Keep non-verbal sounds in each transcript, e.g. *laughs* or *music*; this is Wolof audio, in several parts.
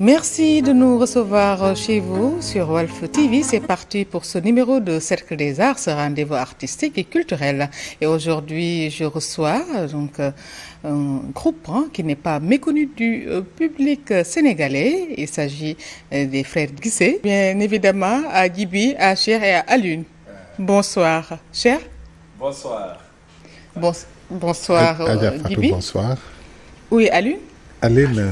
Merci de nous recevoir chez vous sur Wolf TV. C'est parti pour ce numéro de Cercle des Arts, ce rendez-vous artistique et culturel. Et aujourd'hui, je reçois donc un groupe qui n'est pas méconnu du euh, public sénégalais. Il s'agit euh, des frères Guissé, bien évidemment à Gibi, à Cher et à Alune. Bonsoir, Cher. Bonsoir. Bon, Gibi. Aline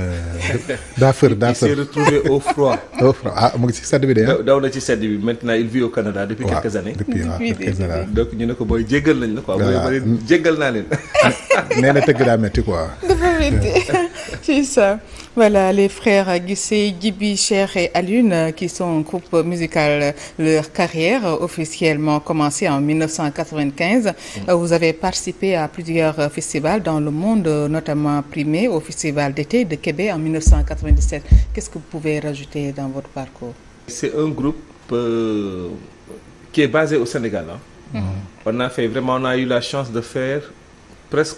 daa fër euh, daa fër. il s'est retrouvé au froid. *laughs* au froid ah mu ci sedd bi de daw na ci sedd bi maintenant il vit au Canada. depuis quelques années depuis waaw quelques années. donc ñu ne ko booy jéggal nañ la quoi. waaw booy jéggal naa leen. Ah, nee na tëgg daa métti quoi. *laughs* dafa métti *laughs* c'est ça. Voilà les frères Guissé, Gibi, Cher et Alune qui sont un groupe musical. Leur carrière officiellement commencée en 1995. Mmh. dans le monde, de Québec en 1997. Qu'est-ce que vous pouvez rajouter dans votre parcours? C'est un groupe euh, mm. Mm. de faire presque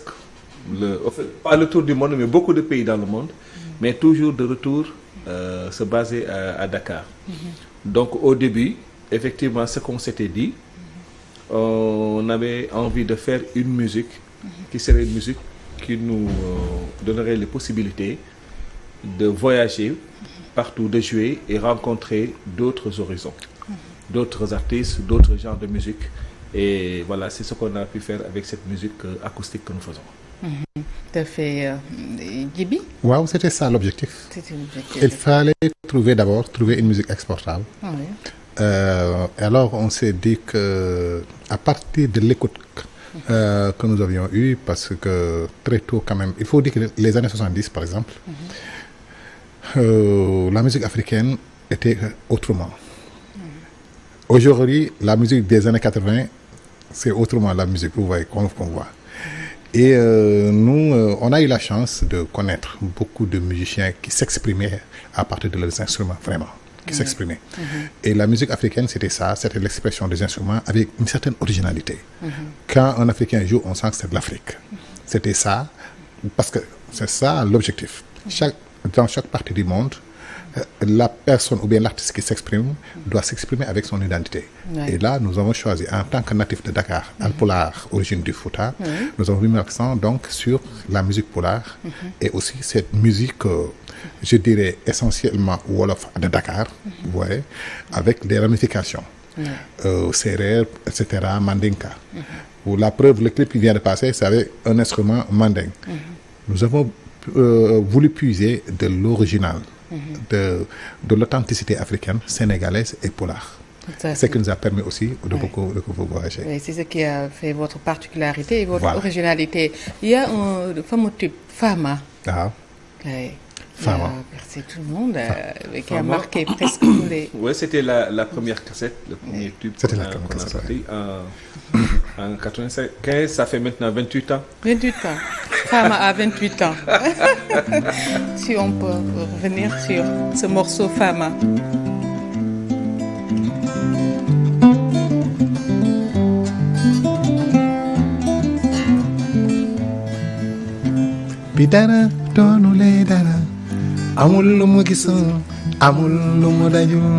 le, pas le tour mais toujours de retour euh, se baser à, à Dakar. Mhm. Donc au début, effectivement, ce qu'on s'était dit, on avait envie de faire une musique mhm. qui serait une musique qui nous euh, donnerait les possibilités de voyager partout, de jouer et rencontrer d'autres horizons, mhm. d'autres artistes, d'autres genres de musique. Et voilà, c'est ce qu'on a pu faire avec cette musique euh, acoustique que nous faisons. Mhm. tout à fait euh, Djibi. il fallait trouver d' abord trouver une musique exportable. Ah oui. Euh, alors on s'est dit que à partir de l'écoute euh, que nous avions eue parce que très tôt quand même il faut dire que les années 70 par exemple mm -hmm. euh, la musique africaine était autrement mhm. aujourd'hui la musique des années 80 c'est autrement la musique vous voyez qu'on voit Et euh, nous, euh, on a eu la chance de connaître beaucoup de musiciens qui s'exprimaient à partir de leurs instruments, vraiment, qui mmh. s'exprimaient. Mmh. Et la musique africaine, c'était ça, c'était l'expression des instruments avec une certaine originalité. Mmh. Quand un Africain joue, on sent que c'est de l'Afrique. C'était ça, parce que c'est ça l'objectif. Mhm. Chaque, dans chaque partie du monde, la personne ou bien l'artiste qui s'exprime doit s'exprimer avec son identité. Et là, nous avons choisi, en tant que natif de Dakar, mm -hmm. Alpolar, origine du Fouta, nous avons mis l'accent donc sur la musique polar mhm. et aussi cette musique, euh, je dirais essentiellement Wolof de Dakar, mhm. vous voyez, avec des ramifications. Euh, Serer, etc., Mandinka. Mhm. Pour la preuve, le clip qui vient de passer, c'est un instrument manding. Nous avons euh, voulu puiser de l'original. de de l'authenticité africaine sénégalaise et polaire. ce qui nous a permis aussi de oui. beaucoup de voyager. c'est ce qui a votre particularité et votre originalité. Il a un fameux Fama. Ah. Fama. C'est tout le monde euh, qui a marqué presque tous les. Oui, c'était la, la première cassette, le première cassette. Euh, *coughs* en 95 ça fait maintenant 28 ans. ans Fama à ans *laughs* si on peut revenir sur ce morceau Fama. bi dara doonu lay dara amul lu mu gisul amul lu mu dajul.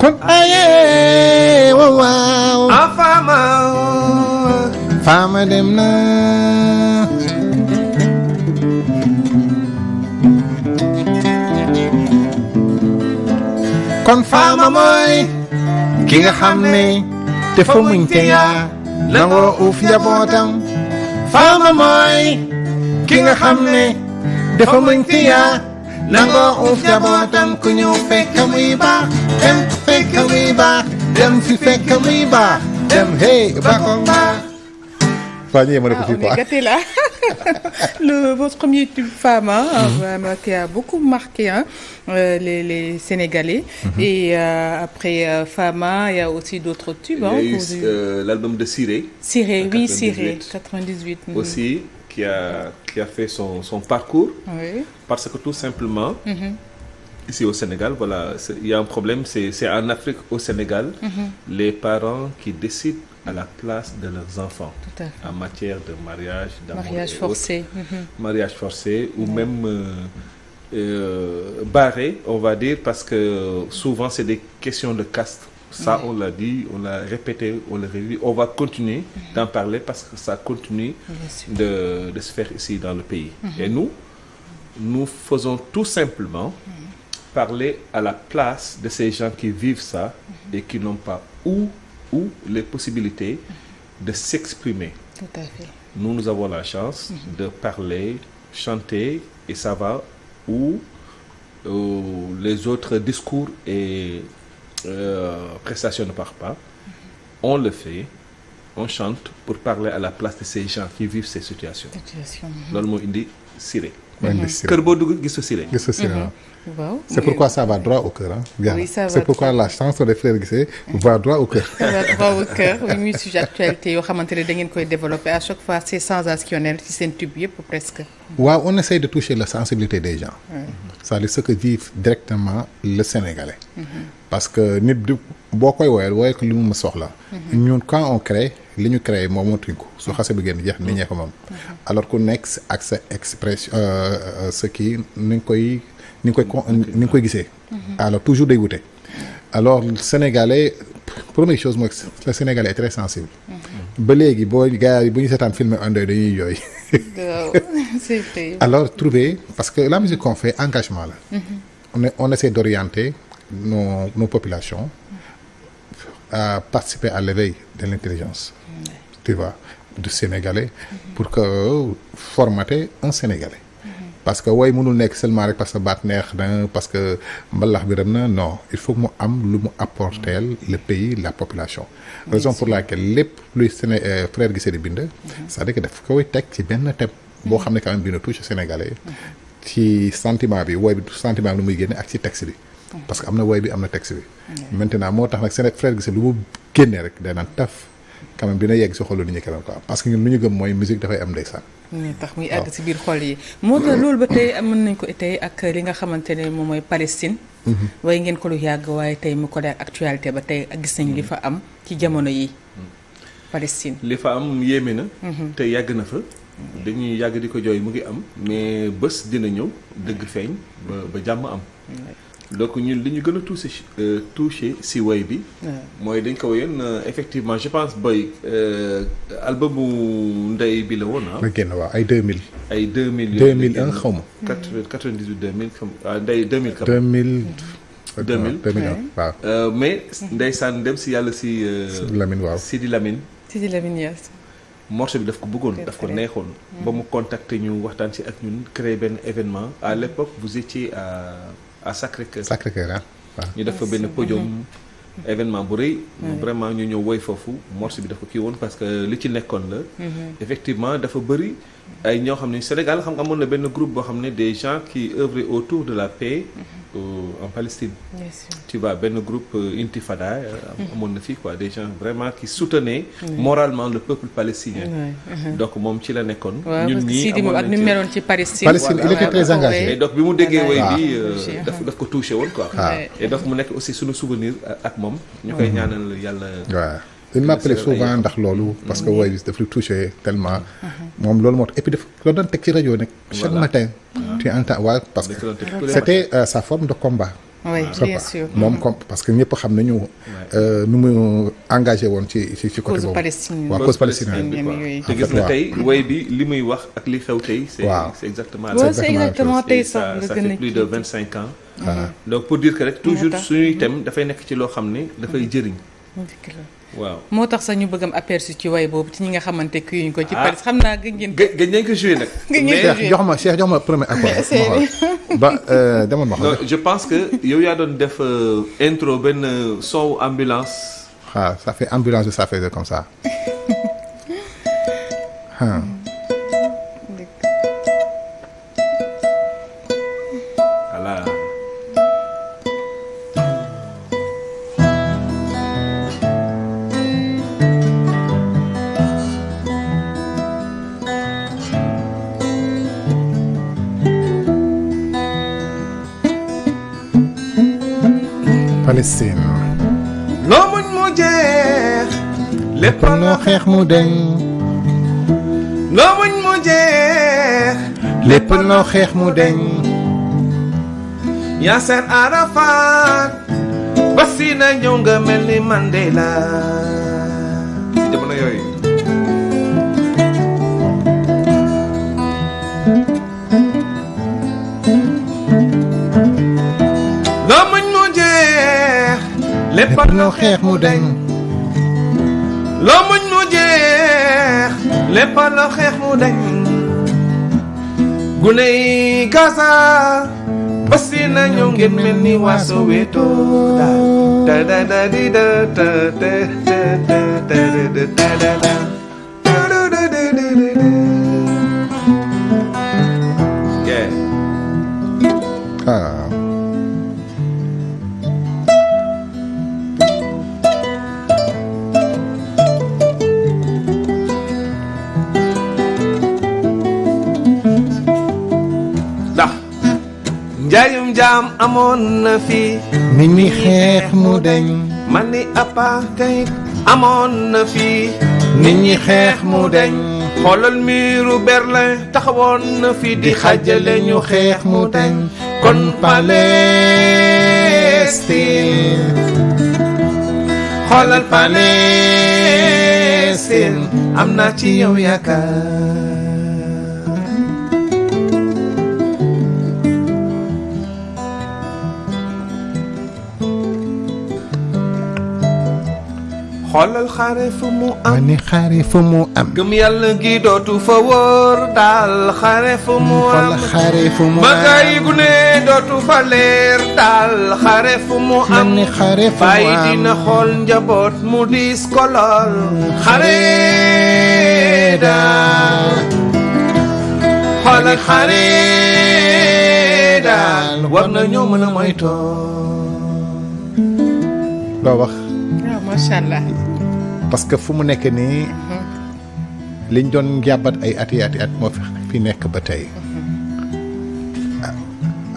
kon aye waaw waaw afaama faama dem na kon faama mooy ki nga xam ne te fa muñ te yaa nangoo uuf njabootam faama mooy ki nga xam ne dafa muñ te yaa nangoo uuf njabootam ku ñëw fekk muy baax dem fekk luy baax dem fi fekk luy baax dem hey baaxoon baax. waa ñu yemale ko fii quoi ah *laughs* Le, votre premier tube femme hein, mm -hmm. euh, qui a beaucoup marqué hein, euh, les, les Sénégalais. Mm -hmm. Et euh, après euh, Fama, il y a aussi d'autres tubes. Hein, il y a eu euh, l'album de Siré. Siré, oui, Siré, 98. Mm -hmm. Aussi, qui a, qui a fait son, son parcours. Oui. Parce que tout simplement, mhm. ici au Sénégal, voilà, il y a un problème, c'est en Afrique, au Sénégal, mm -hmm. les parents qui décident à la place de leurs enfants Tout à en matière de mariage, mariage forcé, mm -hmm. mariage forcé ou mm -hmm. même euh, euh, barré, on va dire, parce que souvent c'est des questions de caste. Ça, on l'a dit, on l'a répété, on l'a revu. On va continuer mhm. d'en parler parce que ça continue de, de, se faire ici dans le pays. Mhm. Et nous, nous faisons tout simplement mhm. parler à la place de ces gens qui vivent ça et qui n'ont pas ou ou les possibilités de s'exprimer. Tout à fait. Nous, nous avons la chance mhm. de parler, chanter et ça ou euh, les autres discours et euh, prestations ne partent pas. Mhm. On le fait on chante pour parler à la place de ces gens qui vivent ces situations. Mhm. loolu moo indi siré. kër boo dugg gis siré. gis sa siré waaw c'est pourquoi ça va droit au cœur c'est pourquoi la chanson de Frère Guissé va droit au cœur. ça va droit au cœur muy sujet actualité yoo xamante ne da ngeen koy développer à chaque fois c'est sensationnel ci seen tube yëpp presque. waaw on essaie de toucher la sensibilité des gens. Mm-hmm. c'est-à-dire ce que vivent directement le Sénégalais. Mm-hmm. parce que nit du boo koy woyal woyal ko li mu ma soxla. Mm-hmm. ñun quand on crée li ñu créé moom mootuñ ko su xasee bi génn jeex alors ku nekk ak sa expression euh, euh, ce qui ni nga koy ni nga koy gisee. Mhm. alors toujours day wute. alors sénégalais première chose mooy le sénégalais est très sensible. Mhm. ba léegi boo gars yi bu ñu seetaan filmé un dañuy yooy. alors trouver parce que la musique qu'on fait engagement la. Mhm. on est on essaie d'orienter nos nos populations. participer à l'éveil de l'intelligence. tu vois du sénégalais. pour que euh, formater un sénégalais. parce que woy mënul nekk seulement rek parce que baat neex na parce que mbalax bi dem na non il faut mu am lu mu apporteel le pays la population raison pour la laquelle lépp luy Séné euh, frère Guissé di bind mhm. sa à dire que daf koy teg ci benn thème boo xam ne quand même bi na touche sénégalais mhm. ci sentiment bi woy bi sentiment bi lu muy génne ak ci tex bi mhm. parce que am na woy bi am na tex bi maintenant moo tax nag seen frère Guissé lu mu génnee rek day naan taf quand même dina yegg si xolu nit ñi quand parce que ñun ñu gëm mooy musique dafay am ndeysaan muy àgg si biir xol yi moo tax loolu ba tey mën nañ ko tey ak li nga xamante ne moom mooy Palestine mhm. waaye ngeen ko lu yàgg waaye tey mu ko ak actualité ba tey gis nañ li fa am ci jamono yi Palestine li fa am yéeme na mhm. te yàgg na fa dañuy yàgg di ko jooy mu ngi am mais bés dina ñëw dëgg feeñ ba jàmm am donc ñu li ñu gën a touché euh, ci si way bi. mooy dañ ko woyoon euh, effectivement je pense boy euh, album bu ndey bi la woon ah. na génn waaw ay 2000. ay 2000 2001 xaw ma. 98 2000 xam ah ndey 2000. 2000. 2000 2000 waaw. mais ndeysaan dem si yàlla si. Sidi Lamine waaw Sidi Lamine. Sidi Lamine yes. morceau bi daf ko bëggoon daf ko neexoon. Mm. ba mu contacter ñu waxtaan si ak ñun créer benn événement. à l'époque vous étiez à Sacré-Cœur. Sacré-Cœur ah ñu def fa benn podium événement bu rëy. vraiment ñu ñëw woy foofu morceau bi dafa kii woon parce que li ci nekkoon la. Mhm. effectivement dafa bëri. ay ñoo xam ne Sénégal xam nga amoon na benn groupe boo xam ne des gens qui œuvrent autour de la paix mm-hmm. euh, en Palestine tu benn groupe euh, Intifada euh, mm-hmm. amoon na fi quoi des gens vraiment qui soutenaient moralement le peuple palestinien mm-hmm. donc moom ci la nekkoon ñun ñii amoon ci Palestine Palestine il était très donc bi mu déggee woy bi daf daf ko touché woon quoi ah. et donc mu nekk aussi suñu souvenir ak moom ñu koy ñaanal yàlla il m'appelait souvent ndax loolu parce que mm-hmm. woy bi daf la touché tellement mm-hmm. moom loolu moo tax et puis daf la doon teg ci rajo nag chaque matin mm-hmm. tu entends waaw parce que c'était euh, sa forme de moom comme parce que ñëpp xam nañu euh, nu mu engagé woon ci ci ci côté boobu waaw cause palestinienne te gis nga tey way bi li muy wax ak li xew tey c'est vingt cinq ans ah. donc pour dire que rek toujours suñuy thème dafay nekk ci loo xam ne dafay jëriñ waaw moo tax sax ñu bëgg am aperçu ci way boobu ci ñi nga xamante kii ñu ko. ci ah. Paris xam naa gën ngeen. gë gën nañ ko joué nag. *laughs* gën ngeen joué jox ma Cheikh jox ma premier accord. *laughs* ba euh, demoon ma xam je pense que yow yaa doon def euh, intro benn euh, soow ambulance. waaw ah, ça fait ambulance bi ça faisait comme ça. *laughs* xeex mu deñ loo xeex mu deñ Yasser Arafat basi na ñëw nga mel ni Mandela jamono yooyu loo muñ mu jeex lépp xeex mu deñ lépp la xeex mu dañ gune yi Gaza basi nañu ngeen mel ni waa Soweto da da da di da da da da da da amoon na fi nit ñi xeex mu deñ man ni apartheid amoon na fi nit ñi xeex mu deñ xoolal miiru Berlin taxawoon na fi di xajale ñu xeex mu deñ kon Palestine xoolal Palestine am naa ci yow yaakaar xoolal xare mu am ma ne mu am. gëm yàlla gi dootu fa wóor daal xare fu mu am xoolal xare fu dootu fa leer daal xare mu am ma ne mu diis ko lool xare xoolal xare daal war na ñoo mën macha allah. parce que fu mu nekk nii. Uh-huh. liñ doon njàmbat ay at i at moo fi nekk ba tey. Uh-huh.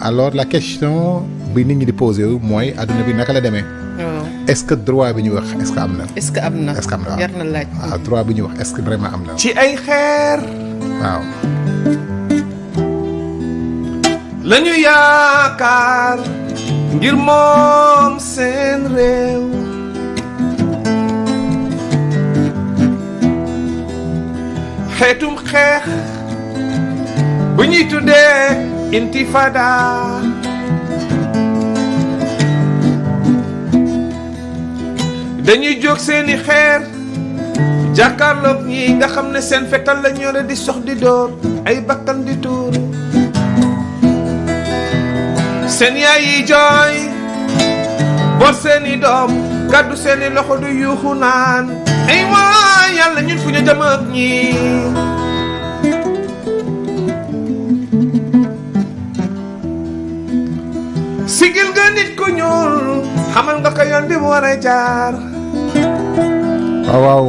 alors la question bi nit ñi di posé wu mooy adduna bi naka la demee. Oh. est-ce que droit bi ñu wax est-ce que am na. ce que am na est am na jar na laaj. waaw ah, droit bi ñu wax est-ce que am na. ci ay xeer. waaw. la yaakaar ngir moom seen réew. xeetum xeex bu ñuy tuddee intifada dañuy jóg seeni xeer jàkkaarloog ñi nga xam ne seen fetal la ñoo di sox di dóor ay bakkan di tuuru seen yaay yi jooy bor seeni doom gàddu seeni loxo du yuuxu naan ay yàlla ñun fu ñu jëm ak ñi sigil nga nit ku ñuul xamal nga ko yoon war a jaar ah, waaw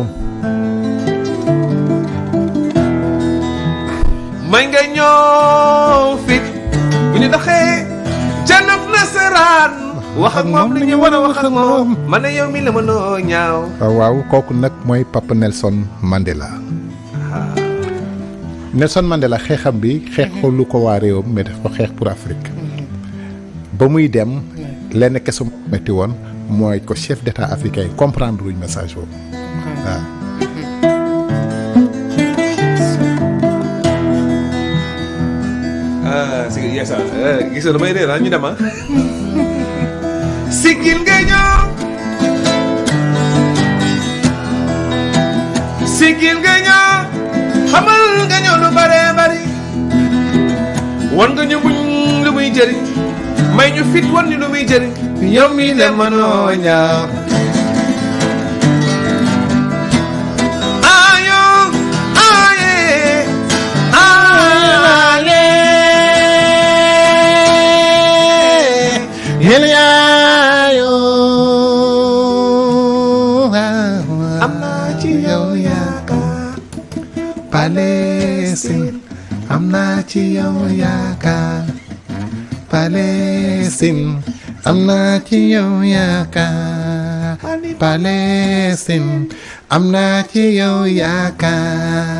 may nga ñëw wax ak moom li ñu a wax ak moom man ne la mënoo ñaaw. Ah, waaw kooku nag mooy papa Nelson Mandela. Ah. Nelson Mandela xeexam bi xeexul lu ko waa réewam mais ko xeex pour Afrique. Mm-hmm. ba muy dem. Mm-hmm. lenn kese metti woon mooy ko chef d' état africain comprendre luñ message boobu mm-hmm. ah, euh, dem *laughs* sigil nga ñëw sigil nga ñëw xamal nga lu bare bari wan nga muñ lu muy jëriñ may ñu fit wan ñu lu muy jëriñ yow mi le mënoo am naa ci yow yaakaar Palestine am naa ci yow yaakaar Palestine am naa ci yow yaakaar Palestine am naa ci yow yaakaar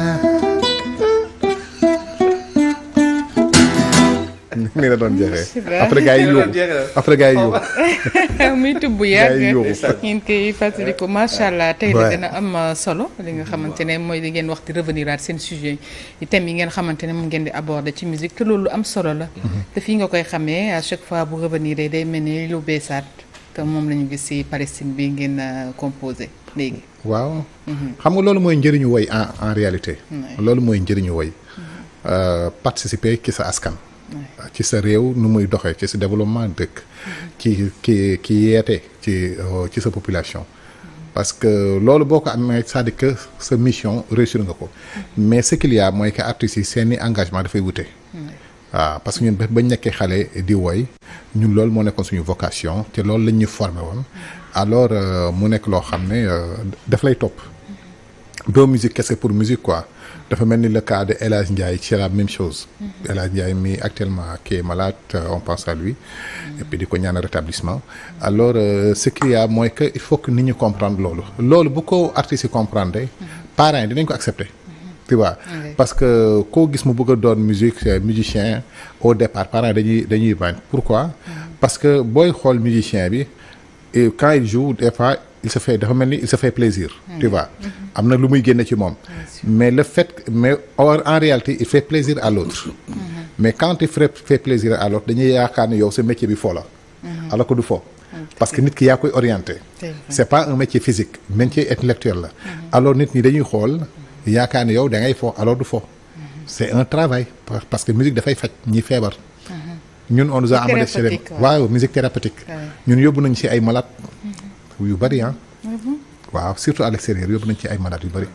nii la doon jeexee après gars yi yóbbu après *laughs* gars yi yóbbu muy tubb yàgg ngeen koy macha allah tey la gën a am euh, solo li nga xamante ne mooy li ngeen wax di revenir seen sujet yi thèmes yi ngeen xamante ne moom ngeen di aborder ci musique te loolu am solo la mhm. te fii nga koy xamee à chaque fois bu revenir day mel ni lu beesaat te moom la ñu gis ci Palestine bi ngeen euh, composé léegi waaw mhm. xam nga loolu mooy njëriñu woy en en réalité loolu mooy njëriñu woy mhm. euh, participer ki sa askan ci sa réew nu muy doxee ci sa développement dëkk ci ki ki yeete ci euh, ci sa population parce que loolu boo ko amee c'est-à-dire que sa mission réussir nga ko mais ce mooy que artistes yi seeni engagement dafay wute waaw parce que ñun bañ nekkee xale di woy ñun loolu moo nekkoon suñu vocation te loolu lañ ñu formé woon alors euh, mu nekk loo xam ne euh, daf lay topp doo musique kese pour musique quoi dafa mel ni le cas de El Hadj Ndiaye la même chose. Mhm. El Hadj mi actuellement qui est malade euh, on pense à lui. Mhm. et di ko ñaan rétablissement. alors euh, ce qu'il y mooy que il faut que nit ñi comprendre loolu. loolu bu ko artistes yi comprendre. Mhm. parents yi dinañ ko accepter. tu vois parce que koo gis mu bëgg a doon musique euh, musicien au départ parents dañuy dañuy bañ pourquoi. parce que booy xool musicien bi. et quand il joue des fois il se fait dafa mel ni il se fait plaisir tu vois mm-hmm. am na lu muy génne ci moom mais le fait mais or en réalité il fait plaisir à l'autre mm-hmm. mais quand il fait plaisir à l'autre dañuy yaakaar ne yow sa métier bi foo la mm-hmm. alors du foo parce que nit ki yaa koy orienté c'est pas un métier physique métier intellectuel la alors nit ñi dañuy xool yaakaar ne yow da foo alors du foo c'est un travail parce que musique dafay faj ñi feebar ñun on nous a amené chez les waaw musique thérapeutique ñun yóbbu nañ ci ay malade yu bari ah mm-hmm. waaw surtout à l'extérieur yóbbu nañ ci ay malade yu bëri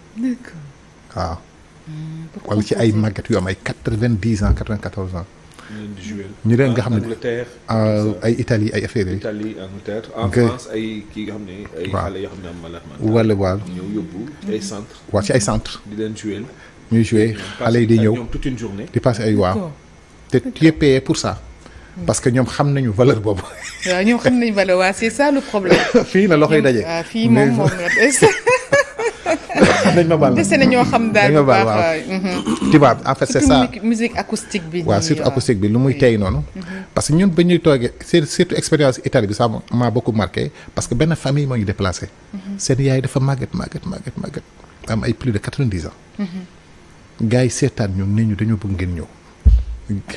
waaw mm, wala ci ay màggat yu am ay quatre-vingt-dix ans quatre-vingt-quatorze ans ñu leen nga ah, xam ne ah, ay Italie ay affaire yi en France ay kii nga xam ne ay yoo xam ne am malade wala waaw ñëw yóbbu ay mm-hmm. centre waaw ci ay centre di leen jouer ñuy jouer xale yi di ñëw toute une journée di passer ay waaw te tu pour ça Mm. parce que ñoom xam nañu valeur boobu. waaw ñoom xam nañu valeur waaw c'est ça le problème. *laughs* fii la loxoy daje. waaw fii moom moom *laughs* dañ ma baal dese na ñoo xam daal bu baax mhm. tu vois en fait c'est ça musique acoustique bi. waaw surtout acoustique bi lu muy tey noonu. Mhm. parce que ñun ba ñuy toogee surtout expérience Italie bi ça m'a beaucoup marqué parce que benn famille moo ñu déplacé. Mhm. seen yaay dafa màgget màgget màgget màgget am ay plus de quatre-vingt-dix ans. gars yi seetaan ñun ne ñu dañoo bëgg ngeen ñëw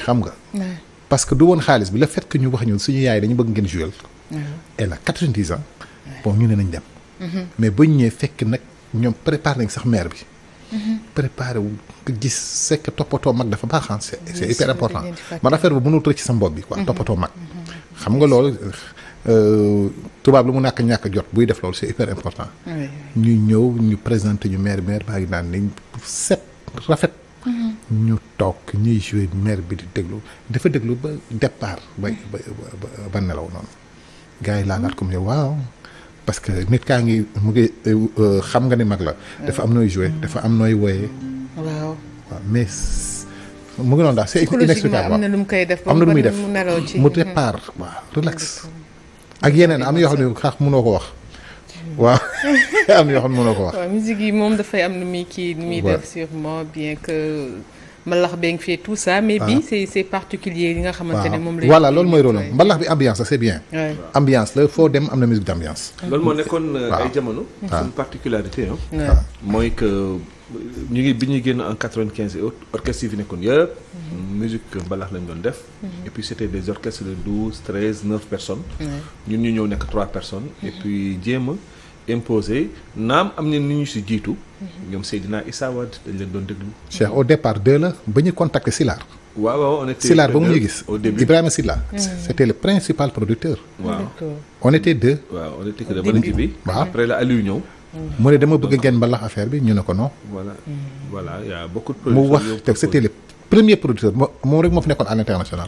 xam nga. parce que du woon xaalis bi le fait que ñu wax ñun suñu yaay dañu bëgg mhm. ñu ne nañ dem mhm. mais bañ ñëwee fekk nag ñoom préparé nañ sax mère bi mhm. préparé wu gis sekk toppatoo mag dafa baax ah c'est c'est hyper important man affaire bi mënul tëj ci sa mbopp bi quoi toppatoo mag xam nga loolu euh, tubaab lu mu nakk ñàkk jot buy def loolu c'est hyper important ñu ñëw ñu présenté ñu mère mère baa ngi naan nañ set rafet ñu toog ñuy joué maire bi di déglu dafa déglu ba départ ba mm. ba ba nelaw noonu gars yi laalaat comme ne waaw parce que nit kaa ngi mu ngi euh, xam nga ni mag la mm. dafa am nooy joué mm. dafa am nooy wooyee waaw waaw mais mu ngi noonu daal c'est mu def am na muy def mu départ waaw relax ak yeneen am na yoo xam ne xaax munoo ko wax waaw *laughs* am na yoo moom dafay am na muy kii nu muy def sûrement bien que mbalax bee ngi fee tout ça. mais ah. bi c'est c'est particulier yi nga xamante ne moom la. voilà loolu mooy rôle am mbalax bi ambiance la c'est bien. ambiance la foo dem am na musique d'ambiance. loolu moo nekkoon euh, ay jamono. waaw ah. particularité ah. mooy que. Euh, ñu ngi bi ñuy génn en quatre et orchestre yi fi nekkoon yëpp mm-hmm. musique mbalax lañ doon def mm-hmm. et puis c'était des orchestres de douze treize neuf personnes ñun ñu ñëw nekk trois personnes et mm-hmm. puis jéem imposé naam am na ni ñu si jiitu. Mhm. ñoom Seydina Issa Wade dañ leen doon déglu. Cheikh au départ deux la ba ñu contacté Silar. waaw waaw on était Silar ba mu ñuy gis. au début Ibrahima Silla. Mhm. c' était le principal producteur. waaw ah, on était deux. waaw on était que dama nekk bi. waaw après la Aliou ñëw. Mhm. mu ne dama bëgg ngeen mbalax affaire bi ñu ne ko non. voilà voilà y' a beaucoup de mu wax te c' était le premier producteur moom rek moo fi nekkoon à l' international.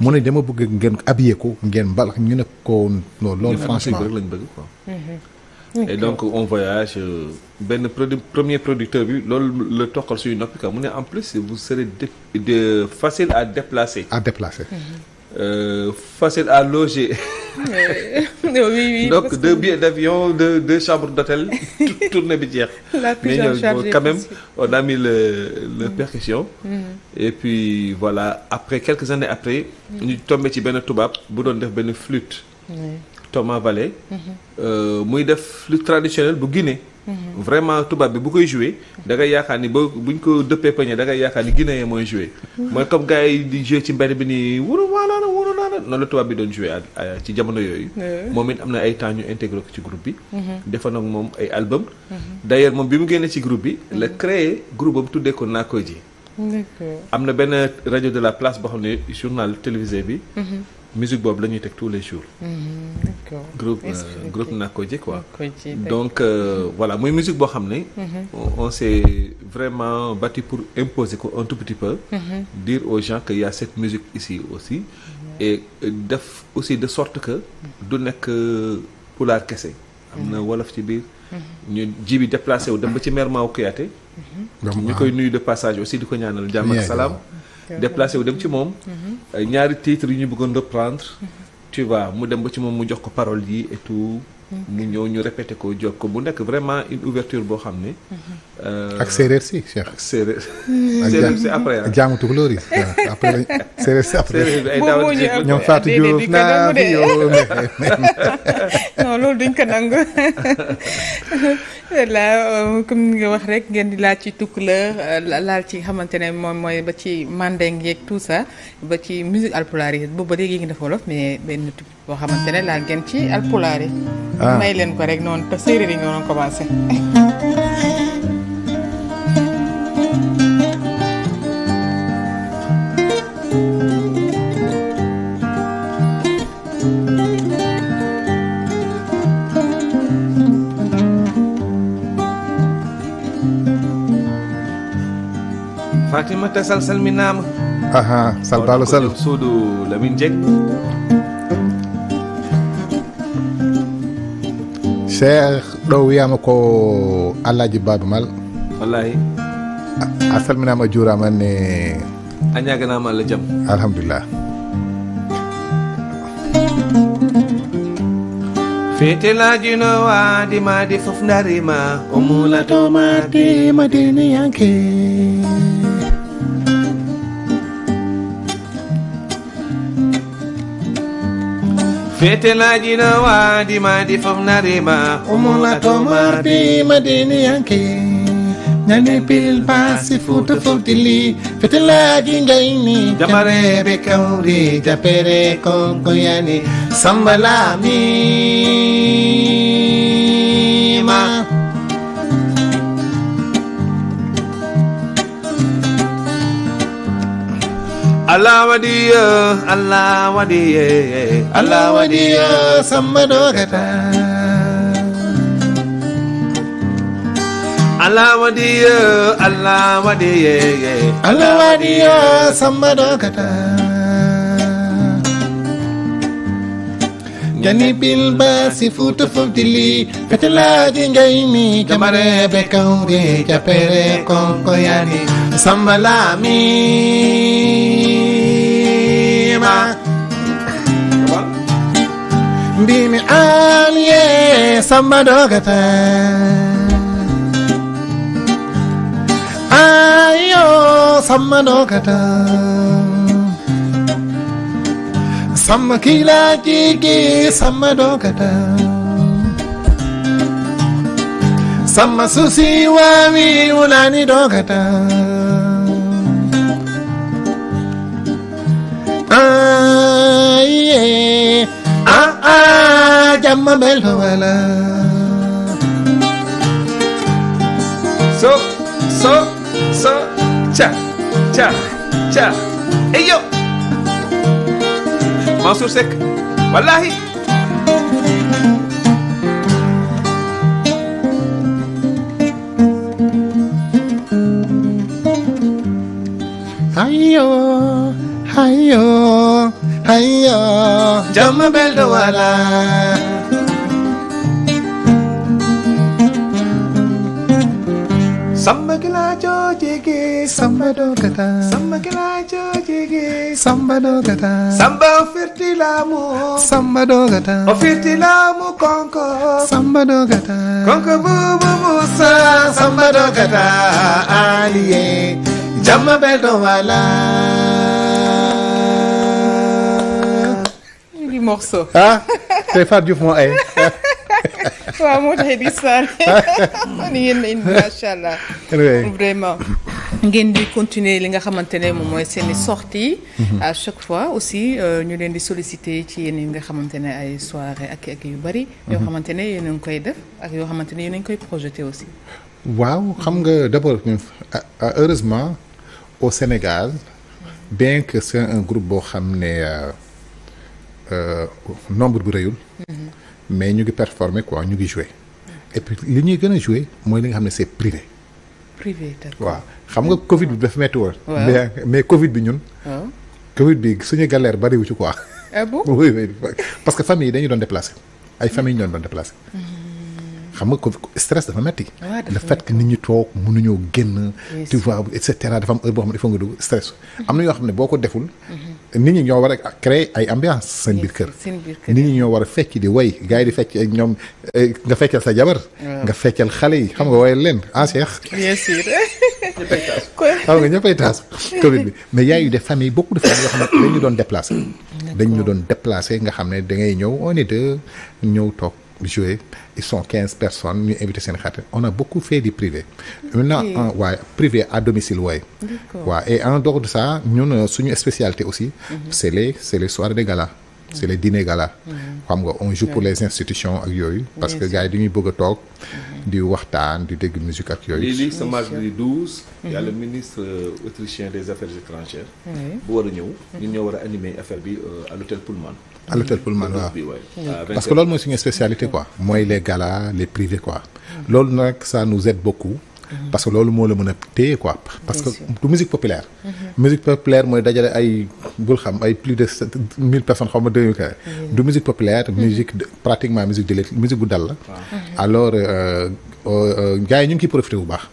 mu ne dama bëgg ngeen habillé ko ngeen mbalax ñu ne ko non loolu franchement. lañ bëgg quoi. et donc on voyage euh, benn produ premier producteur bi loolu la toqal suñu noppi quoi mu ne en plus vous serez de, facile à déplacer. Mhm. Euh, facile à loger. *laughs* donc deux billets d'avion deux deux chambres d'hôtel *laughs* tournée bi jeex. la on a mis le le mhm. percussion. Mhm. et puis voilà après quelques années après. ñu tombé ci benn tubaab bu doon def benn flûte. Thomas Valley. Euh, muy def lu traditionnel bu Guinée. vraiment tubaab bi bu koy joué da ngay yaakaar ni ba buñ ko dëppee peñe da ngay yaakaar ni Guinée mooy joué. mooy comme gars yi di joué ci mbedd bi nii wóorul waalaana wóorul naa noonu la tubaab bi doon joué euh, ci jamono yooyu. moom it am na ay temps ñu intégré ko ci groupe bi. Mhm. defoon ak moom ay album. Mhm. d' ailleurs moom bi mu génnee ci groupe bi. Mhm. la créé groupe am tuddee ko Nakoji. am na benn rajo de la place boo xam ne journal télévisé bi. musique boobu la ñuy teg tous les jours. Mm-hmm. d'accord groupe euh, groupe Nakodji quoi. donc euh, voilà muy musique boo xam ne. Mm-hmm. on s'est vraiment battu pour imposer ko un tout petit peu. Mm-hmm. dire aux que y a cette musique ici aussi. et euh, def aussi de sorte que. du nekk pulaar kese. am na wolof ci biir. ñu ji bi déplacé wu dem ba ci mère Maaw Kuyaate. ñu koy nuyu de passage aussi di ko ñaanal jàmm ak salaam. déplacé wu dem ci moom. ñaari titres yu ñu bëggoon reprendre. tu vois mu dem ba ci moom mu jox ko parole yi et tout. mu ñëw ñu répété ko jox ko bu nekk vraiment une ouverture boo xam ne. Euh, ak séeréer si Cheikh. ak séeréer. séeréer si après ah. ak jaamu tukulóor yi *laughs* après lañ séeréer si après. boobu ñoom Fatou Diouf naa fi yow. *laughs* non loolu duñ ko nangu la *laughs* euh, comme ni nga wax rek ngeen di laal ci tukk euh, la laal ci xamante ne moom mooy ba ci mandeng yeeg tout ça ba ci musique alpulaar yi boobu ba léegi ngi dafa wolof mais benn tukki boo xamante laal ngeen ci alpulaar yi. Ah. may leen ko rek noonu te séeréer yi nga doon *laughs* fatimata sal salminama aha saltalo sall suudu lamin jeg cheikh ɗo wiyama ko alhaji baba mal wallahi a salminama a juurama ne a ñaganama allah jaam alhamdulillah fetelajino waadi maadi fof darima o fete laajina waadi maadi fof narima umola tomardi madini yanke nani pil pasi futa fotili fete laaji ngayni jamare be kawri japere konkoyani sambalami Allah wadiya Allah wadiya Allah samba dogata Allah wadiya Allah wadiya Allah wadiya samba dogata jani bil basi futa famtili petala jingai mi jamare be kaunge japere بما بمعالي سما دوغتا ايو سما دوغتا سما كيلا جيجي سما دوغتا سما سوسي وامي ولاني دوغتا aye aa jàmm mel wala so so so ca ca ca ey yo Mansour Seck wallahi ayo ayo hayya jamma belɗo wala samba gilajo jigi samba dogata samba gilajo jigi samba samba o firti laamu samba konko samba dogata konko bubu musa samba dogata aliye jamma belɗo wala morceau. ah tey Fatou Diouf eh. *laughs* moo *laughs* ngeen allah. vraiment. di continuer li nga xamante ne moom mooy seen i sorties mhm. à chaque fois aussi euh, ñu leen di solliciter ci yéen yi nga xamante ne ay soirée ak yu bari. yoo mhm. xamante ne yéen a ngi koy def ak yoo xamante ne yéen koy projeté aussi. waaw xam nga d'abord ah, ah, heureusement au Sénégal bien que c'est groupe boo xam ne. Euh, Euh, nombre bu rëyul. Mhm. mais ñu ngi performer quoi ñu ngi jouer. et li ñuy gën a mooy li nga xam ne c'est privé. privé d'accord waaw xam nga Covid bi dafa métti woon. mais mais Covid bi ñun. Covid bi suñu galère bariwu ci quoi. ah *laughs* parce que famille yi dañu doon déplacé ay famille ñu doon doon déplacé. Mhm. xam nga ko stress dafa metti ah, le fait nit ñi toog mënuñoo nu tu génn et cetera dafa am heure boo xam ne il faut nga dugg stress. Mhm. am na yoo xam ne boo ko deful. Mhm. nit ñi ñoo war a créer ay ambiance seen biir kër. nit ñi ñoo war a fecc di way gars yi di fecc ak ñoom eh, nga feccal sa jabar. nga feccal xale yi xam nga wayal leen en ah, Cheikh. bien sûr. *laughs* xam nga ñëppay taas Covid bi mais y a eu des familles de familles yoo xam ne dañ doon déplacé. dañ ñu doon déplacé nga xam ne dangay ñëw o est ñëw toog. joué ils sont quinze personnes ñu invité seen xarit on a beaucoup fait du privé maintenant en waaye privé à domicile waaye en dehors de ça ñun euh, suñu spécialité aussi mhm. c'est les c'est de gala c'est les dîners gala mhm. xam nga on joue pour les institutions ak yooyu parce que gars dañuy bëgg a toog mhm. di waxtaan di dégg musique ak yooyu lii lii a ministre euh, autrichien des affaires étrangères bu war a ñëw ñun ñoo war a animer affaire bi euh, à l'hôtel Pullman à l'hôtel Pullman waaw euh, parce que loolu mooy suñu spécialité quoi mooy les galas les privés quoi mm-hmm. loolu nag ça nous aide beaucoup mm-hmm. parce que loolu moo la mën a téye quoi parce que du musique populaire mm-hmm. musique populaire mooy dajale ay bul xam ay plus de mille personnes du musique populaire musique de l'électro musique bu dal la alors euh, euh, gars yi ñu ngi profité bu baax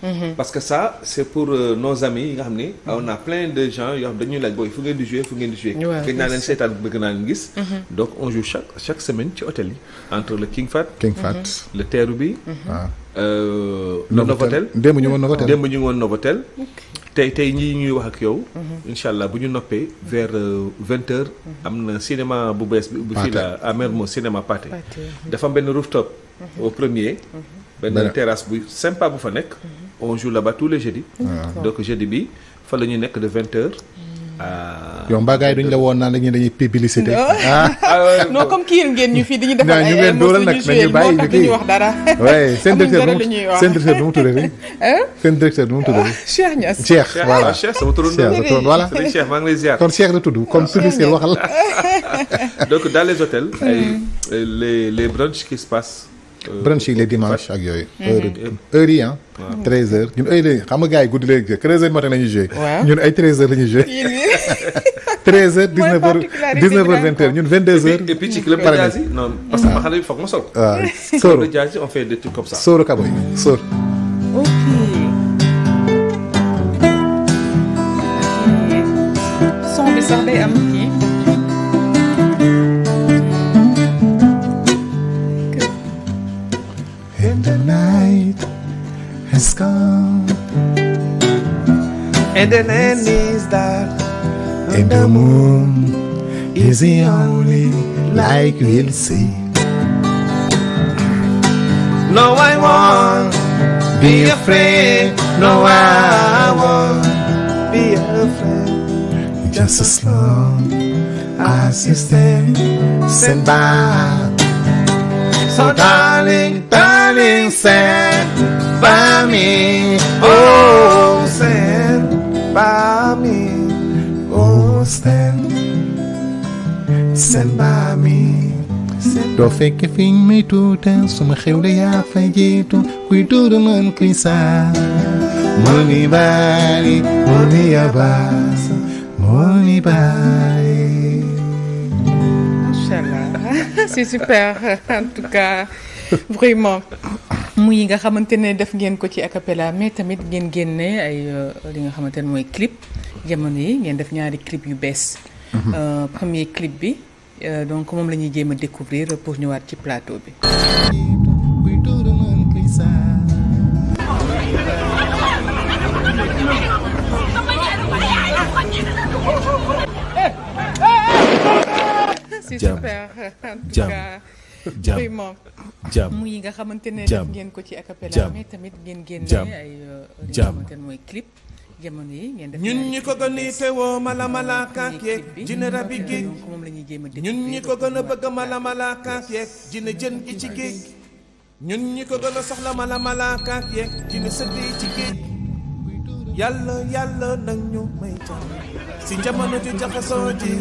Mm-hmm. parce que ça c'est pour euh, nos amis yi nga xam ni. Mm-hmm. on a plein de gens yoo xam dañuy laaj booy fu ngeen di jouer fu ngeen di jouer. gëj naa leen seetaan bëgg naa leen gis. Mm-hmm. donc on semaine ci hôtel yi. entre le King Fat. King Fat le Terrou-Bi bi. waaw. démb ñu ngi woon Novotel démb tey tey ñii ñuy wax ak yow. incha allah bu ñu noppee vers euh, vingt am na cinéma bu bees bi. bu fii la à Mermoz cinéma dafa am benn rooftop. au premier. benn terrasse bu sympa bu fa on joue là-bas les jeudis. donc jeudi bi fa la ñuy nekk de vingt heures. yow mbaa duñ la woon naa la ñu dañuy publicité. Ah. Ah non comme kii ngeen ñu fii dañuy defal ay ay mosu ñu joué moo tax duñu wax dara. seen directeur bi seen mu tudd rek. *laughs* seen directeur bi mu tudd rek. *laughs* Cheikh Niass Cheikh voilà ah, Cheikh sama turandoom voilà. maa ngi lay ziar. kon Cheikh la tudd kon publicité waxal. *laughs* donc dans les hôtels. Mm. les les qui se brunch yi les dimanches ak yooyu. Mhm. heure heure yi ah. waaw 13h ñun heure yi xam nga gars yi guddi lay joué 13h matin la ñun ay 13h la ñuy joué. 13h 19h 19 ñun 22h. et parce que ah. ma xale bi foog ma sol. waaw ah, sóor club yi on night has come. And No, I won't be afraid. No, I won't be afraid. Just as as you stay, stand by. So, darling, darling feeling sad by me. Oh, sad by me. Oh, stand, stand by me. doo fekk fiñ xewle yaa fa jiitu kuy tuuru mën kuy saar moo ni baari moo ni yabaas moo ni baari macha allah *laughs* c'est super en *laughs* vraiment muy yi nga xamante ne def ngeen ko ci acapella mais tamit ngeen génne ay euh, li nga xamante ne mooy clip jamono yi ngeen def ñaari clip yu bees. Mhm. Euh, premier clip bi euh, donc moom la ñuy jéem a découvrir pour ñëwaat ci plateau bi. c'est vraiment jaam muy yi nga xamante ne def ngeen ko ci acapella tamit ngeen génne ay euh, li nga xamante ne mooy clip jamono yi ngeen def ñun ñi ko gën a mala mala kaak yeeg jine rabi géej euh, moom la ñuy jéem a ñun ñi ko gën a bëgg mala mala kaak yeeg jine jën gi ci géej ñun ñi ko gën soxla mala mala kaak yeeg jine sëdd yi ci géej yàlla yàlla nag may jaam si jamono ju jaxasoo ji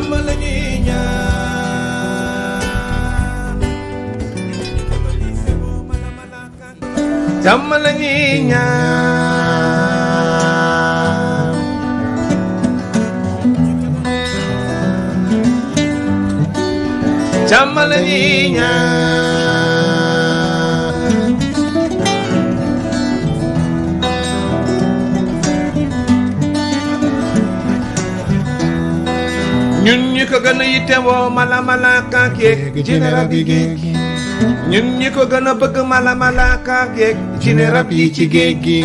jàmm la ñuy ñaan jàmm la ñuy ñaan jàmm la ñuy ñaan ñun ñi ko gën a yittewoo mala ñi ko gën a bëgg mala malaaka yeeg jinne rab yi ci géej gi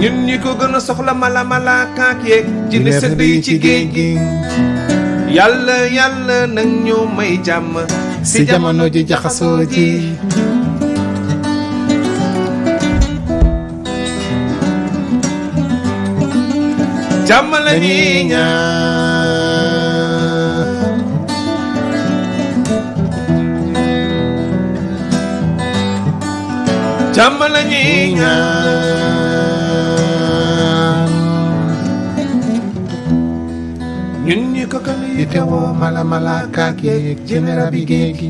ñun ñi ko gën a soxla mala malaaka yeeg jinne sëdd yi ci géej gi yàlla yàlla nag ñu may jàmm si jamono ji jaxasoo ji jàmm la ñuy jàmm la ñuy ñaan ñun ñi ko gën a yitewoo mala malaakaak yeeg jinne rab yi géej gi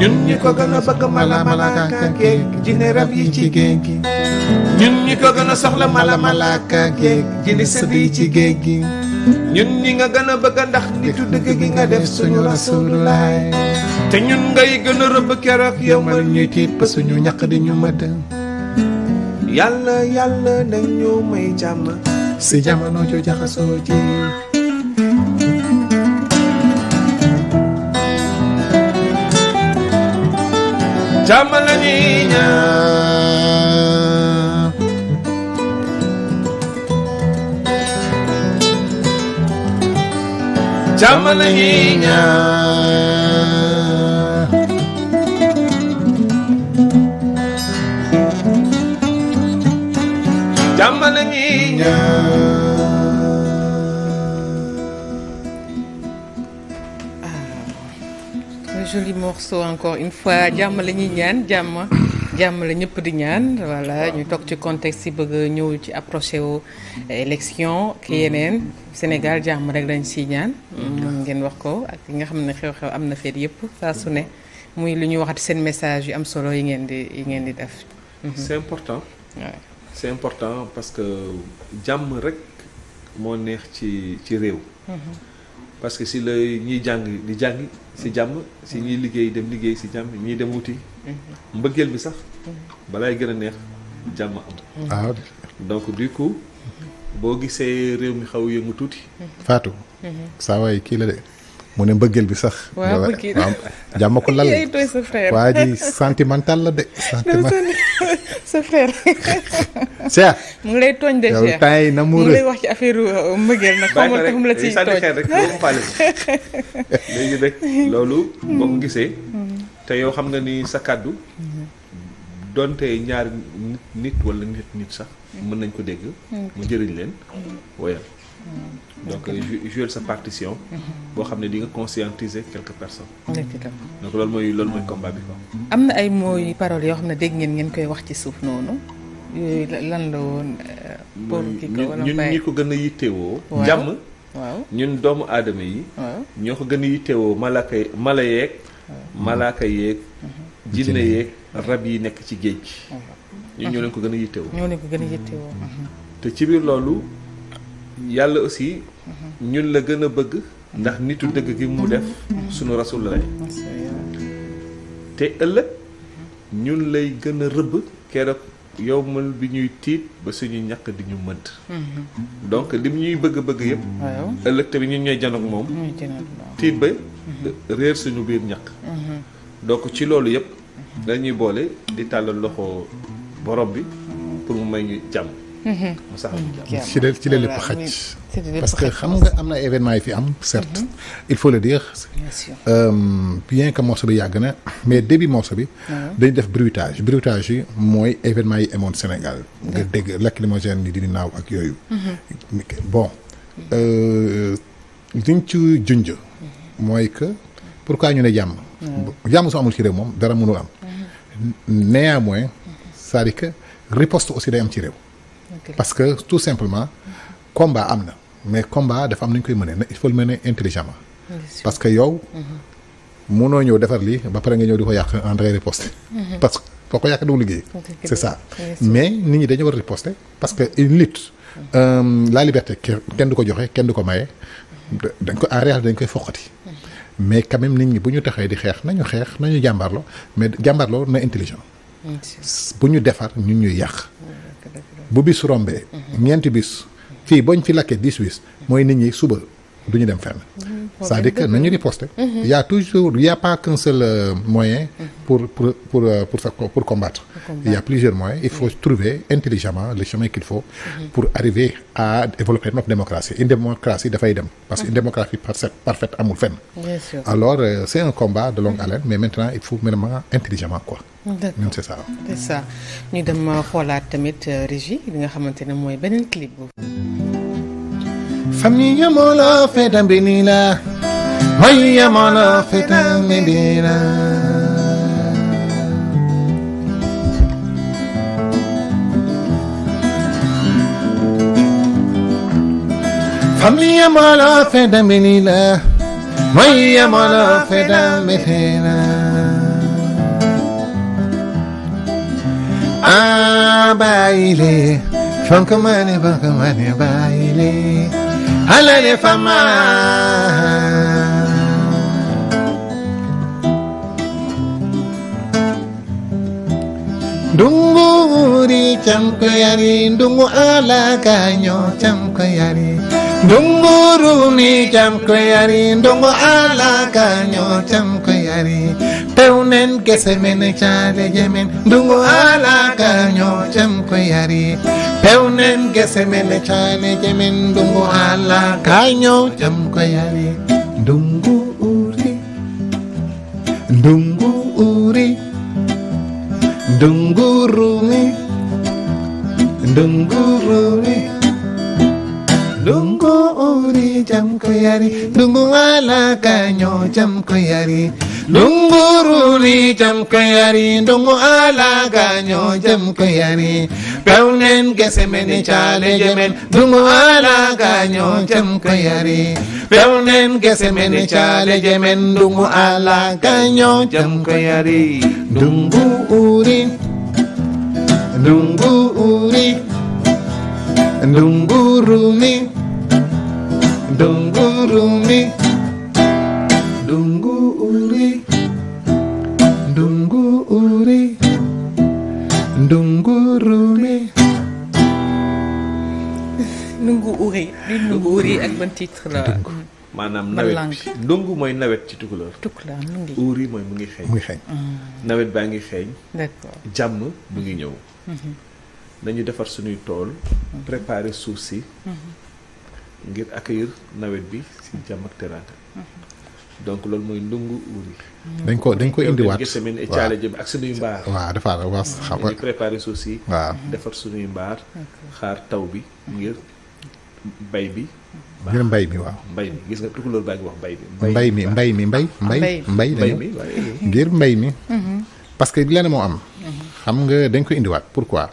ñun ñi ko gën a bëgg mala malaakaak yeeg jinne rab yi ci géej gi ñun ñi ko gën a soxla mala malaakaak yeeg jinne sëb yi ci géej gi ñun ñi nga gën ba bëgg ndax nitu dëgg nga def suñu rasulaay te ñun ngay gën a rëbb keroog yow ma ñuy tipp suñu ñaq di ñu mëdd yàlla yàlla nag ñoo may jàmm si jamono ju jaxasoo ji jàmm la ñuy ñaan jàmm la ñuy ñaan jàmm la ñaan. joli morceau encore une fois jàmm la ñaan jàmm. jàmm la ñëpp di ñaan voilà ñu toog ci contexte yi bëgg a ñëw ci approché wu eh, élection ki mm-hmm. yeneen Sénégal jàmm rek lañ siy ñaan mm-hmm. mm, ngeen wax ko ak yi nga xam ne xew-xew am na feet yëpp saa su ne mm-hmm. muy li ñuy waxat seen message yu am solo yi ngeen di yi ngeen di def c'est important ouais. c'est important parce que jàmm rek moo neex ci ci réew parce que si la ñuy jàng di jàngi si jàmm si ñuy liggéey dem liggéey si jàmm ñuy dem wuti mbëggeel bi sax balaay gën a neex jàmm am ah, donc du coup boo gisee réew mi xaw yëngu tuuti Fatou mhm. saa waay kii la de mu ne mbëggeel bi sax. waaw jàmm ko lal la de. sentimental *laughs* sa frère. *laughs* Cheikh. mu ngi lay tooñ de Cheikh yow yi na mu mu wax ci affaire euh, mbëggeel nag. xaw ma tax mu la ciy tooñ *laughs* léegi nag loolu. boo gisee. Mm. te yow xam nga ni sa kàddu. Mm-hmm. donte ñaar nit nit wala nit nit sax. Mm. mën nañ ko dégg. Mm. mu jëriñ leen woyal. donc jouer sa partition. Mhm. boo xam ne di nga conscientiser quelques personnes. donc loolu mooy loolu mooy combat bi ko am na ay mooy paroles yoo xam ne dégg ngeen ngeen koy wax ci suuf noonu yooyu lan la woon. Euh, pour kii ko wala ñun ñi ko gën a yittewoo. jàmm waaw ñun doomu aadama yi. ñoo ko gën a yittewoo mala yeeg. malaaka yeeg. Mhm. jinne yeeg rab yi nekk ci géej gi. Mhm. ñu ñoo leen ko gën a yittewoo. ñoo leen ko gën te ci biir loolu. yàlla aussi ñun la gën a bëgg ndax nitu dëgg gi mu def suñu rasul la te ëllëg ñun lay gën a rëbb keroog yow mën bi ñuy tiit ba suñu ñàkk di ñu mëdd donc lim ñuy bëgg-bëgg yëpp ëllëg tamit ñun ñooy janoog moom tiit ba réer suñu biir ñàkk donc ci loolu yëpp dañuy boole di tàllal loxo borom bi pour mu may jàmm ci la ci xaj parce que xam nga am na ay événements yi fi am certes mhm. il faut le dire euh, bien que morceau bi yàgg na mais début morceau bi dañu def bruitage bruitage yi mooy événements yi amoon Sénégal nga dégg lacrymogène yi di naaw ak yooyu mhm. bon euh, liñ ci junj mooy que pourquoi ñu ne jàmm jàmm su amul ci réew moom dara mënul am mhm. néanmoins c'est-à-dire que riposte aussi day am ci réew parce que tout simplement combat am na mais combat dafa am nañu koy mënee il faut le parce que yow mhm. mënoo ñëw defar lii ba pare nga ñëw di ko yàq André riposte mhm. parce que foo ko yàq doo liggéey c'est ça mais nit ñi dañu war a riposter parce que une lutte mhm. euh, la liberté kenn du ko joxe kenn du ko maye dañ ko en dañ koy foqati mais quand même nit ñi bu ñu taxee di xeex nañu xeex nañu jàmbaarloo mais jàmbaarloo na intelligent bu ñu defar ñu ñuy yàq bu bis rombee ñeenti bis fii boñ fi lakkee dix bis mooy nit ñi suba du ñu dem fenn. Mhm. c'est-à-dire que nañu riposter. Mhm. y a toujours y a pas qu'un seul euh, moyen. Mhm. pour pour pour euh, pour pour, pour combattre. il a plusieurs moyens il faut trouver intelligemment le chemin qu'il faut. pour arriver à développer notre démocratie une démocratie dafay dem. parce que amul fenn. alors euh, c'est un combat de longue haleine mais maintenant il faut vraiment intelligemment quoi. ñun c'est ça. ñu dem xoolaat tamit régie li nga xamante ne mooy beneen clip famille Mawla Feta Mbinila Maya Mawla Feta Mbinila famille Mawla Feta Mbinila Maya Mawla Feta Mbinila Ah, baile, Franco Mane, Franco Mane, baile. halale fama ndungu wuri camko yari ndungu alaganyo camko yari ndungu rumi camko yari ndungu alaganyo camko yari nen gese men caale je men ndungu alaaka ñoo jam ko yari pew nen gese men caale je men ndungu alaaka ñoo jam ko yari ndungu uri ndungu uri ndungu rumi ndungu rumi ndungu uri jam ko yari ndungu alaaka ñoo jam ko yari dungururi jam ko dungu alaga nyo jam ko yari gese meni chale jemen dungu alaga nyo jam ko yari gese meni chale jemen dungu alaga nyo jam ko dungu uri dungu uri dungurumi dungurumi dungu uri Ndungurume. Ndungu maanaam nawet bi ndungu mooy nawet ci tukulóor. tukulóor mu ngi. uuri mooy mu ngi xeeñ. Ah. nawet baa ngi xeeñ. d'accord jàmm mu ngi ñëw. Mhm. nañu defar suñuy tool. Mhm. préparer suuf si. Mhm. ngir accueillir nawet bi ci jàmm ak teraanga. donc loolu mooy ndungu dañ ko dañ ko indiwaat semaine caale jëm ak suñuy mbaar waaw defaat waaw xam nga préparé si waaw defar suñuy mbaar xaar taw bi ngir bi ngir mbay mi waaw mbay gis nga tukulóor baa wax mbay mi mi mbay mi mbay mbay mbay lañu ngir mbay mi mm-hmm. que lenn moo mm-hmm. xam nga dañ ko indiwaat pour pourquoi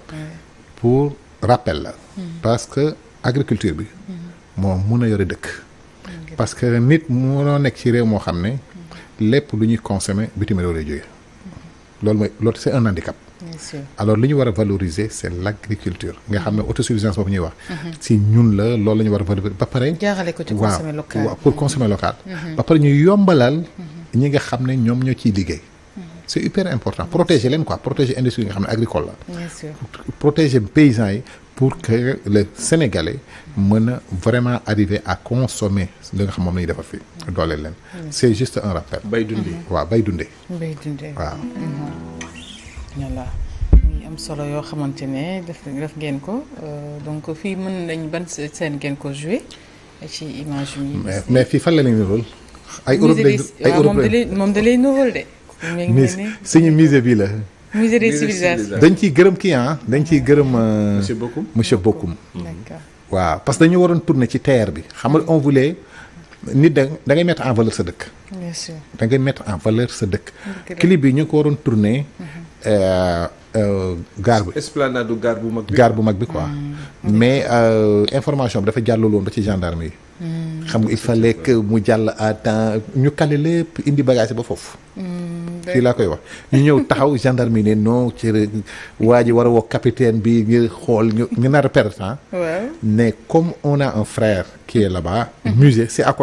pour rappel la mm-hmm. parce que agriculture bi moom mun a yore dëkk parce que nit munoo nekk ci réew moo xam ne lépp lu ñuy consommer bitim réew lay jógee loolu mooy loolu c'est un handicap. bien alors li ñu war a valoriser c'est l'agriculture nga xam ne mm-hmm. autosuffisance boobu ñuy wax. Mm-hmm. si ñun la loolu la ñu war a valoriser ba pare. jaarale ko ci consommer local waaw pour consommer local. Mm-hmm. ba pare ñu nga xam ne ñoom ñoo ciy liggéey. c'est hyper important protéger leen quoi protéger industrie yi nga xam ne agricole la. bien sûr protéger paysans yi pour que les Sénégalais mën a vraiment arriver à consommer li xam moom la ñu defar fii dooleel leen. c'est juste un rappel. bay dundee mhm. waaw bay dundee. bay dundee waaw. Mhm. solo yoo xamante ne def def ngeen ko euh, donc fii mën nañ ban seen ngeen ko jouer ci image yi. mais fii fan la leen rôle. ay Europe ay Europe moom da lay moom de. suñu musée bi la. musée dañ ciy gërëm ki ah dañ ciy gërëm. Euh, monsieur Bokoum monsieur waaw parce que dañu waroon tourner ci terre bi xam nga on voulait nit da da mettre en valeur sa dëkk. bien sûr da mettre en valeur sa dëkk. clip bi ñu ko waroon tourner. Mhm. Euh, euh, gaar bi esplanade bu mag bi gaar bu mag bi quoi. Mhm. mais information bi dafa jàllul woon ba ci gendarme yi. Mhm. xam nga il fallait mu jàll à temps ñu kale lépp indi bagage ba foofu. kii laa koy wax ñu ñëw taxaw gendarme yi ne non waa ji war a woo capitaine bi ngir xool ñu ñu nar a perte temps mais comme on a un frère qui est là musée c'est à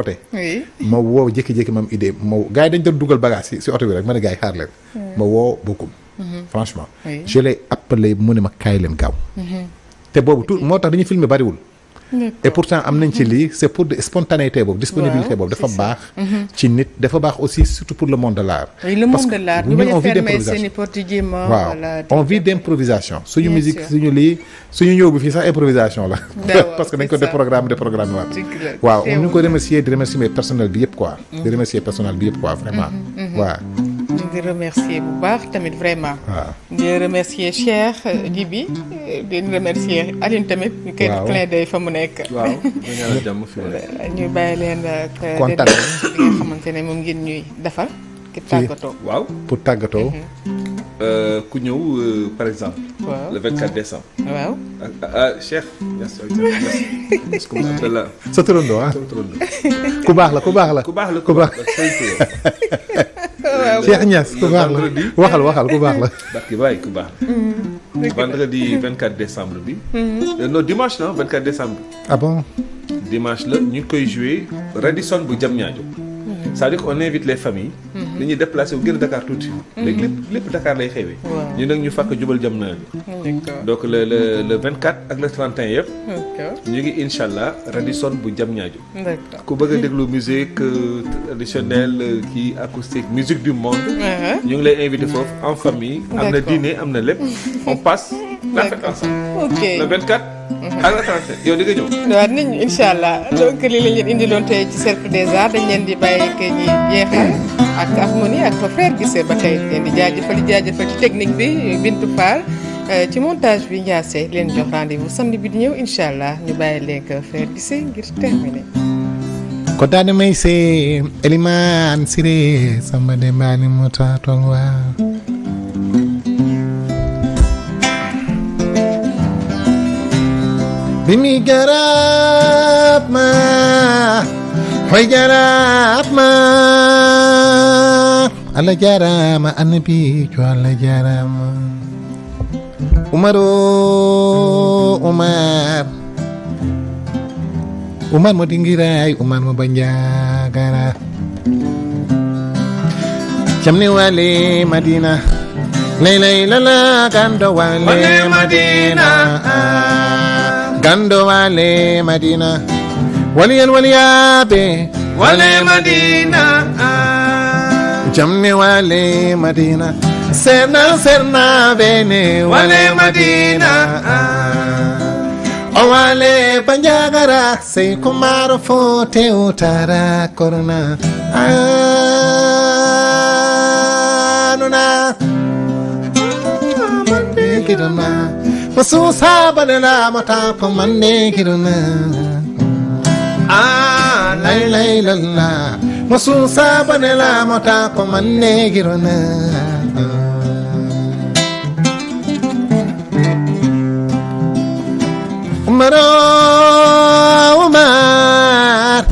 ma woo jëkki jékki mam idée ma gars yi dañ doon dugal bagage yi si bi rek ma ne gars yi xaar leen ma woo bokkum mhm. franchement je l'ai mu ne ma kaay leen gaaw mhm. te boobu tout moo tax dañuy filmer bariwul et pourtant am nañ ci lii c'est pour spontanéité boobu disponibilité boobu dafa baax mhm. ci nit dafa baax aussi surtout pour le monde de l'art parce que ñun on vit d'improvisation waaw on vit ñëw bi fii sax improvisation la *laughs* parce que dañ ko déprogramme déprogramme waat waaw ñu ngi ko remercier di remercier personnel bi yëpp quoi di mhm. remercier personnel bi yëpp quoi vraiment mhm, waaw di remercier bu baax tamit vraiment. Ah. di remercier Cheikh euh, Djibi euh, di remercier Aline tamit. ñu koy def clin fa mu nekk. waaw ñu euh, bàyyi leen ak. kontaan li nga xamante ne moom ngeen ñuy defal. ki tàggatoo waaw pour tàggatoo. Mhm. ku ñëw par exemple. waaw le 24 décembre. waaw ah, ah, ah. ku baax la ku baax la ku baax la ku baax *laughs* waaw Cheikh Niass ku baax la waxal waxal ku baax la. barki baay ku baax mm-hmm. la. vendredi 24 décembre bi. Mm-hmm. Euh, non dimanche la 24 décembre. ah bon. dimanche la ñu koy joué Radisson bu Diamniadio. c'est-à-dire qu'on invite les familles. Mhm. dañuy déplacé wu gën Dakar tuuti. Mhm. léegi lépp lépp Dakar lay xewee. ñu nag ñu fàkk jubal jam na bi mm, donc le le le 24 ak le 31 yëpp. ñu ngi incha Radisson bu jam ñaaju. ku bëgg a déglu musique euh, traditionnelle euh, kii acoustique musique du monde. Uh-huh. ñu ngi lay invité foofu en famille. am na dîner am na lépp *laughs* on passe. la fête ensemble. ok mhm. yow di nga ñëw. waaw dinañ allah donc li lañ leen indiloon tey ci cercle des arts dañ leen di bàyyi ak ñi ak harmonie ak frère Guissé ba tey leen di jaajëfal di jaajëfal ci technique bi Bintu Fall euh, ci montage bi Ndiasse leen jox rendez-vous samedi bi di ñëw incha allah ñu bàyyi leen ak frère Guissé ngir terminer. kotaade may see Elimane Siré samba de mbaani mu waa Himigarapma Hoygarapma Allah jarama annabi jo Allah jarama Umaro Umar Umar mo dingirai Umar mo banjagara Jamni wale Madina Laylay lala gando wale Madina gando wale madina waliyal waliyaɓe wale madina jamne wale madina serna serna bene wale madina o banjagara sey kumaro fo tewtara Masusa balala mata pamande kiruna Ah lai lai lalla Masusa balala mata pamande kiruna Umar Umar